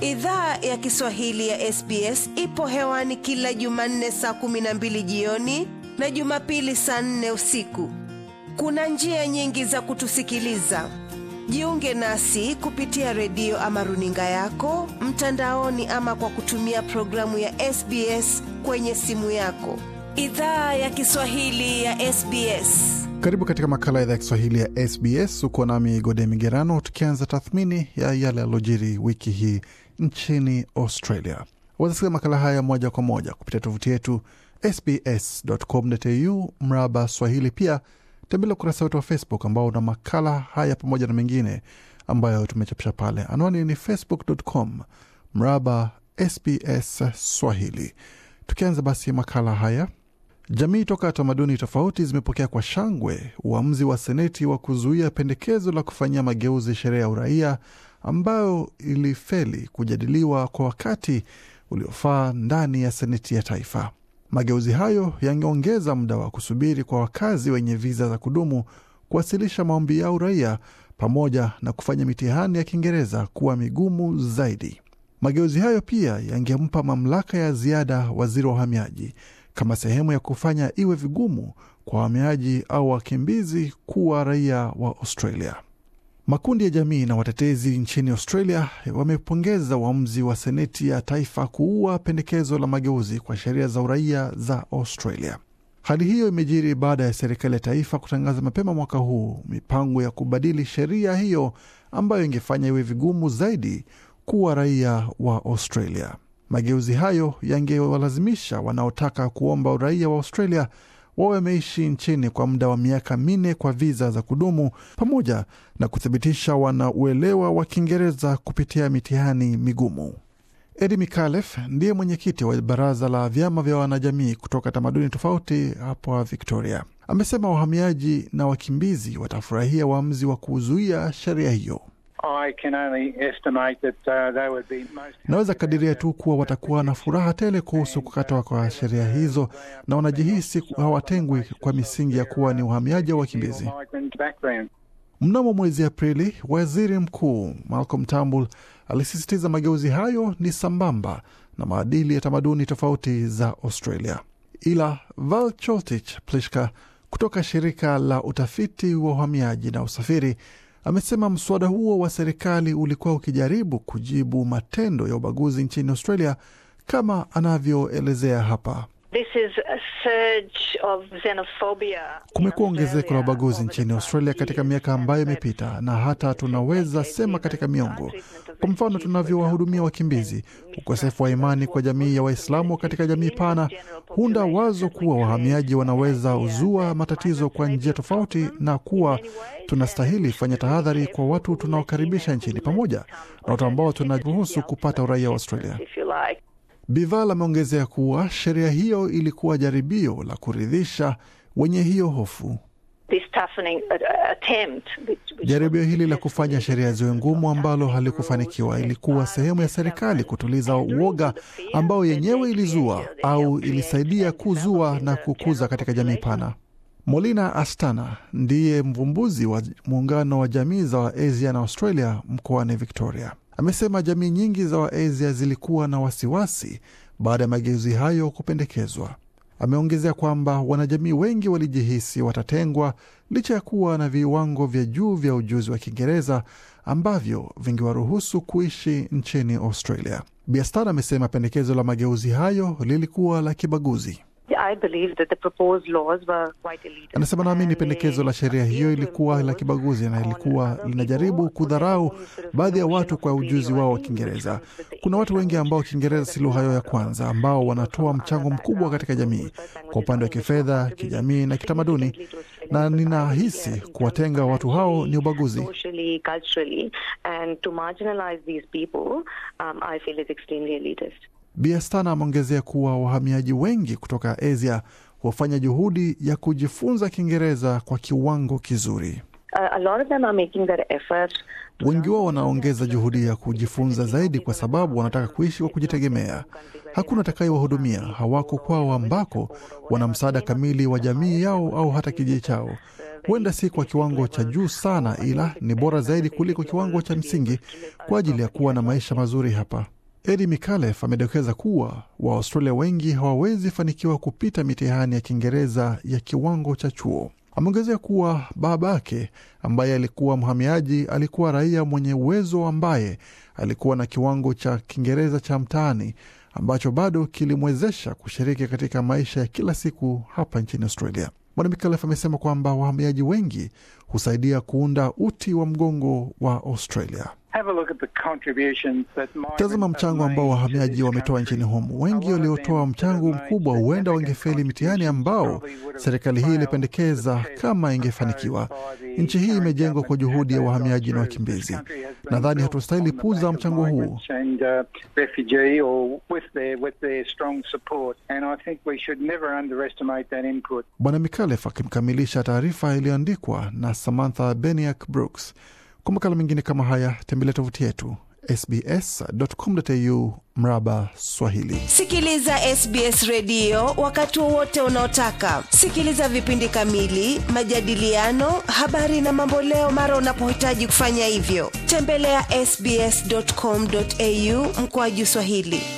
Idhaa ya Kiswahili ya SBS ipo hewani kila Jumanne saa kumi na mbili jioni na Jumapili saa nne usiku. Kuna njia nyingi za kutusikiliza. Jiunge nasi kupitia redio ama runinga yako mtandaoni, ama kwa kutumia programu ya SBS kwenye simu yako. Idhaa ya Kiswahili ya SBS. Karibu katika makala idhaa ya Kiswahili ya SBS. Uko nami Gode Migerano, tukianza tathmini ya yale yalojiri wiki hii nchini Australia. Wazasikia makala haya moja kwa moja kupitia tovuti yetu sbs.com.au mraba Swahili. Pia tembelea ukurasa wetu wa Facebook ambao una makala haya pamoja na mengine ambayo tumechapisha pale. Anwani ni facebook.com mraba SBS Swahili. Tukianza basi makala haya, jamii toka tamaduni tofauti zimepokea kwa shangwe uamuzi wa seneti wa kuzuia pendekezo la kufanyia mageuzi sheria ya uraia ambayo ilifeli kujadiliwa kwa wakati uliofaa ndani ya seneti ya taifa. Mageuzi hayo yangeongeza muda wa kusubiri kwa wakazi wenye viza za kudumu kuwasilisha maombi ya uraia pamoja na kufanya mitihani ya Kiingereza kuwa migumu zaidi. Mageuzi hayo pia yangempa mamlaka ya ziada waziri wa uhamiaji kama sehemu ya kufanya iwe vigumu kwa wahamiaji au wakimbizi kuwa raia wa Australia. Makundi ya jamii na watetezi nchini Australia wamepongeza uamuzi wa seneti ya taifa kuua pendekezo la mageuzi kwa sheria za uraia za Australia. Hali hiyo imejiri baada ya serikali ya taifa kutangaza mapema mwaka huu mipango ya kubadili sheria hiyo ambayo ingefanya iwe vigumu zaidi kuwa raia wa Australia. Mageuzi hayo yangewalazimisha wanaotaka kuomba uraia wa Australia wawe wameishi nchini kwa muda wa miaka minne kwa viza za kudumu, pamoja na kuthibitisha wana uelewa wa Kiingereza kupitia mitihani migumu. Edi Mikalef ndiye mwenyekiti wa baraza la vyama vya wanajamii kutoka tamaduni tofauti hapa Victoria. Amesema wahamiaji na wakimbizi watafurahia uamuzi wa kuzuia sheria hiyo. Uh, Naweza kadiria tu kuwa watakuwa na furaha tele kuhusu kukatwa kwa sheria hizo, na wanajihisi hawatengwi kwa misingi ya kuwa ni uhamiaji au wakimbizi. Mnamo mwezi Aprili, waziri mkuu Malcolm Turnbull alisisitiza mageuzi hayo ni sambamba na maadili ya tamaduni tofauti za Australia. Ila Val Choltich Plishka kutoka shirika la utafiti wa uhamiaji na usafiri amesema mswada huo wa serikali ulikuwa ukijaribu kujibu matendo ya ubaguzi nchini Australia kama anavyoelezea hapa. Kumekuwa ongezeko la ubaguzi nchini Australia katika miaka ambayo imepita, na hata tunaweza sema katika miongo. Kwa mfano, tunavyowahudumia wakimbizi, ukosefu wa imani kwa jamii ya Waislamu katika jamii pana hunda wazo kuwa wahamiaji wanaweza uzua matatizo kwa njia tofauti, na kuwa tunastahili fanya tahadhari kwa watu tunaokaribisha nchini, pamoja na watu ambao tunaruhusu kupata uraia wa Australia. Bival ameongezea kuwa sheria hiyo ilikuwa jaribio la kuridhisha wenye hiyo hofu. Uh, uh, jaribio hili la kufanya sheria ziwe ngumu ambalo halikufanikiwa ilikuwa uh, sehemu ya serikali kutuliza uoga ambao yenyewe ilizua au ilisaidia kuzua na kukuza katika jamii pana. Molina Astana ndiye mvumbuzi wa muungano wa jamii za Asia na Australia mkoani Victoria. Amesema jamii nyingi za Waasia zilikuwa na wasiwasi baada ya mageuzi hayo kupendekezwa. Ameongezea kwamba wanajamii wengi walijihisi watatengwa licha ya kuwa na viwango vya juu vya ujuzi wa Kiingereza ambavyo vingewaruhusu kuishi nchini Australia. Biastar amesema pendekezo la mageuzi hayo lilikuwa la kibaguzi. Anasema naamini pendekezo la sheria hiyo ilikuwa la kibaguzi na ilikuwa linajaribu kudharau baadhi ya watu kwa ujuzi wao wa Kiingereza. Kuna watu wengi ambao Kiingereza si lugha yao ya kwanza, ambao wanatoa mchango mkubwa um, katika jamii kwa upande wa kifedha, kijamii na kitamaduni, na ninahisi kuwatenga watu hao ni ubaguzi. Biastana ameongezea kuwa wahamiaji wengi kutoka Asia wafanya juhudi ya kujifunza Kiingereza kwa kiwango kizuri. Wengi wao wanaongeza juhudi ya kujifunza zaidi kwa sababu wanataka kuishi kwa kujitegemea. Hakuna atakayewahudumia, hawako kwao ambako wana msaada kamili wa jamii yao au hata kijiji chao. Huenda si kwa kiwango cha juu sana, ila ni bora zaidi kuliko kiwango cha msingi kwa ajili ya kuwa na maisha mazuri hapa. Eddie mikalef amedokeza kuwa Waaustralia wengi hawawezi fanikiwa kupita mitihani ya Kiingereza ya kiwango cha chuo. Ameongezea kuwa babake ambaye alikuwa mhamiaji alikuwa raia mwenye uwezo ambaye alikuwa na kiwango cha Kiingereza cha mtaani ambacho bado kilimwezesha kushiriki katika maisha ya kila siku hapa nchini Australia. Bwana mikalef amesema kwamba wahamiaji wengi husaidia kuunda uti wa mgongo wa Australia. Tazama mchango ambao wahamiaji wametoa nchini humu. Wengi waliotoa mchango mkubwa huenda wangefeli mitihani ambao serikali hii ilipendekeza kama ingefanikiwa. Nchi hii imejengwa kwa juhudi ya wahamiaji na wakimbizi. Nadhani hatustahili puza mchango huu. Uh, Bwana Mikalef akimkamilisha taarifa iliyoandikwa na Samantha Beniak Brooks. Kwa makala mengine kama haya tembelea tovuti yetu sbs.com.au mraba Swahili. Sikiliza SBS redio wakati wowote unaotaka. Sikiliza vipindi kamili, majadiliano, habari na mamboleo mara unapohitaji kufanya hivyo. Tembelea ya sbs.com.au mkoaju Swahili.